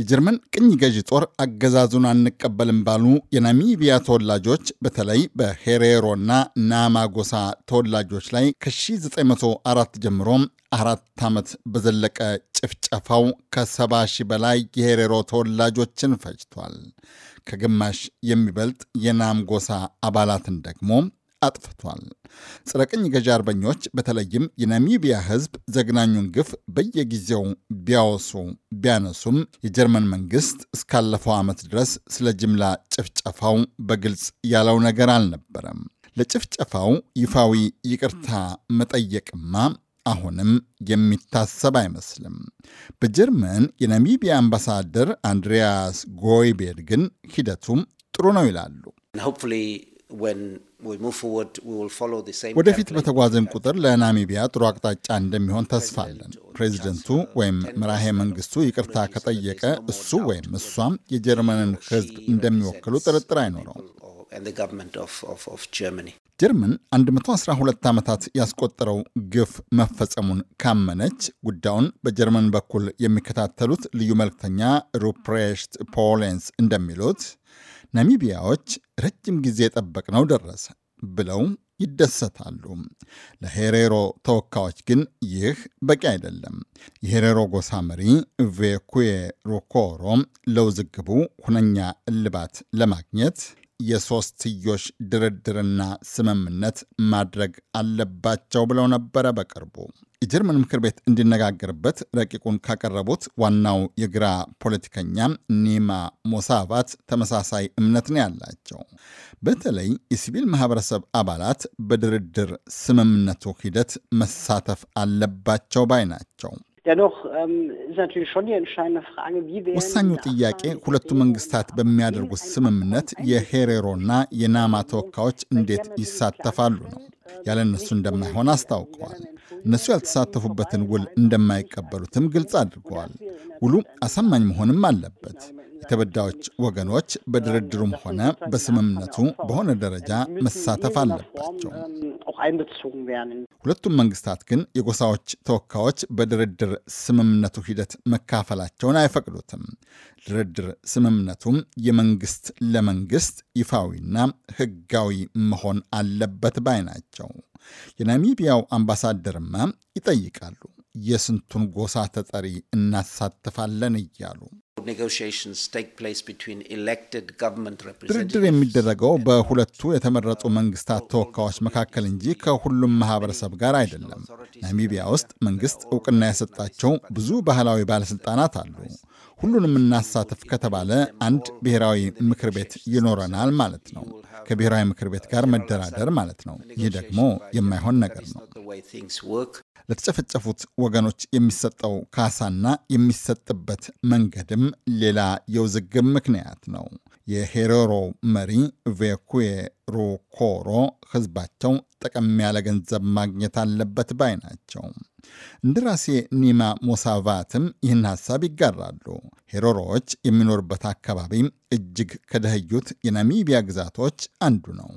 የጀርመን ቅኝ ገዢ ጦር አገዛዙን አንቀበልም ባሉ የናሚቢያ ተወላጆች በተለይ በሄሬሮና ናማ ጎሳ ተወላጆች ላይ ከ1904 ጀምሮ አራት ዓመት በዘለቀ ጭፍጨፋው ከሰባ ሺህ በላይ የሄሬሮ ተወላጆችን ፈጅቷል። ከግማሽ የሚበልጥ የናምጎሳ ጎሳ አባላትን ደግሞ አጥፍቷል። ጸረ ቅኝ ገዢ አርበኞች በተለይም የናሚቢያ ህዝብ ዘግናኙን ግፍ በየጊዜው ቢያወሱ ቢያነሱም የጀርመን መንግስት እስካለፈው ዓመት ድረስ ስለ ጅምላ ጭፍጨፋው በግልጽ ያለው ነገር አልነበረም። ለጭፍጨፋው ይፋዊ ይቅርታ መጠየቅማ አሁንም የሚታሰብ አይመስልም። በጀርመን የናሚቢያ አምባሳደር አንድሪያስ ጎይቤድ ግን ሂደቱም ጥሩ ነው ይላሉ። ወደፊት በተጓዘን ቁጥር ለናሚቢያ ጥሩ አቅጣጫ እንደሚሆን ተስፋ አለን። ፕሬዚደንቱ ወይም መራሄ መንግስቱ ይቅርታ ከጠየቀ እሱ ወይም እሷም የጀርመንን ሕዝብ እንደሚወክሉ ጥርጥር አይኖረውም። ጀርመን 112 ዓመታት ያስቆጠረው ግፍ መፈጸሙን ካመነች ጉዳዩን በጀርመን በኩል የሚከታተሉት ልዩ መልክተኛ ሩፕሬሽት ፖሌንስ እንደሚሉት ናሚቢያዎች ረጅም ጊዜ የጠበቅነው ደረሰ ብለው ይደሰታሉ። ለሄሬሮ ተወካዮች ግን ይህ በቂ አይደለም። የሄሬሮ ጎሳ መሪ ቬኩዌ ለውዝግቡ ሁነኛ እልባት ለማግኘት የሶስትዮሽ ድርድርና ስምምነት ማድረግ አለባቸው ብለው ነበረ በቅርቡ። የጀርመን ምክር ቤት እንዲነጋገርበት ረቂቁን ካቀረቡት ዋናው የግራ ፖለቲከኛ ኒማ ሞሳቫት ተመሳሳይ እምነት ነው ያላቸው። በተለይ የሲቪል ማህበረሰብ አባላት በድርድር ስምምነቱ ሂደት መሳተፍ አለባቸው ባይ ናቸው። ወሳኙ ጥያቄ ሁለቱ መንግስታት በሚያደርጉት ስምምነት የሄሬሮና የናማ ተወካዮች እንዴት ይሳተፋሉ ነው። ያለ እነሱ እንደማይሆን አስታውቀዋል። እነሱ ያልተሳተፉበትን ውል እንደማይቀበሉትም ግልጽ አድርገዋል። ውሉ አሳማኝ መሆንም አለበት። የተበዳዮች ወገኖች በድርድሩም ሆነ በስምምነቱ በሆነ ደረጃ መሳተፍ አለባቸው። ሁለቱም መንግስታት ግን የጎሳዎች ተወካዮች በድርድር ስምምነቱ ሂደት መካፈላቸውን አይፈቅዱትም። ድርድር ስምምነቱም የመንግስት ለመንግስት ይፋዊና ህጋዊ መሆን አለበት ባይ ናቸው። የናሚቢያው አምባሳደርማ ይጠይቃሉ። የስንቱን ጎሳ ተጠሪ እናሳትፋለን እያሉ ድርድር የሚደረገው በሁለቱ የተመረጡ መንግስታት ተወካዮች መካከል እንጂ ከሁሉም ማህበረሰብ ጋር አይደለም። ናሚቢያ ውስጥ መንግስት እውቅና የሰጣቸው ብዙ ባህላዊ ባለሥልጣናት አሉ። ሁሉንም እናሳተፍ ከተባለ አንድ ብሔራዊ ምክር ቤት ይኖረናል ማለት ነው። ከብሔራዊ ምክር ቤት ጋር መደራደር ማለት ነው። ይህ ደግሞ የማይሆን ነገር ነው። ለተጨፈጨፉት ወገኖች የሚሰጠው ካሳና የሚሰጥበት መንገድም ሌላ የውዝግብ ምክንያት ነው። የሄሮሮ መሪ ቬኩዌ ሩኮሮ ህዝባቸው ጠቀም ያለ ገንዘብ ማግኘት አለበት ባይ ናቸው። እንደራሴ ኒማ ሞሳቫትም ይህን ሀሳብ ይጋራሉ። ሄሮሮዎች የሚኖርበት አካባቢ እጅግ ከደህዩት የናሚቢያ ግዛቶች አንዱ ነው።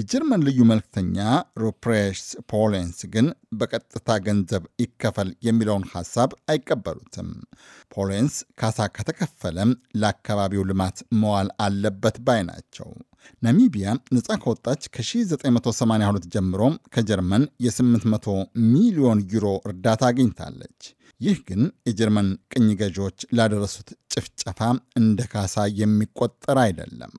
የጀርመን ልዩ መልክተኛ ሩፕሬሽ ፖሌንስ ግን በቀጥታ ገንዘብ ይከፈል የሚለውን ሀሳብ አይቀበሉትም። ፖሌንስ ካሳ ከተከፈለም ለአካባቢው ልማት መዋል አለበት ባይ ናቸው። ናሚቢያ ነፃ ከወጣች ከ1982 ጀምሮ ከጀርመን የ800 ሚሊዮን ዩሮ እርዳታ አግኝታለች። ይህ ግን የጀርመን ቅኝ ገዢዎች ላደረሱት ጭፍጨፋ እንደ ካሳ የሚቆጠር አይደለም።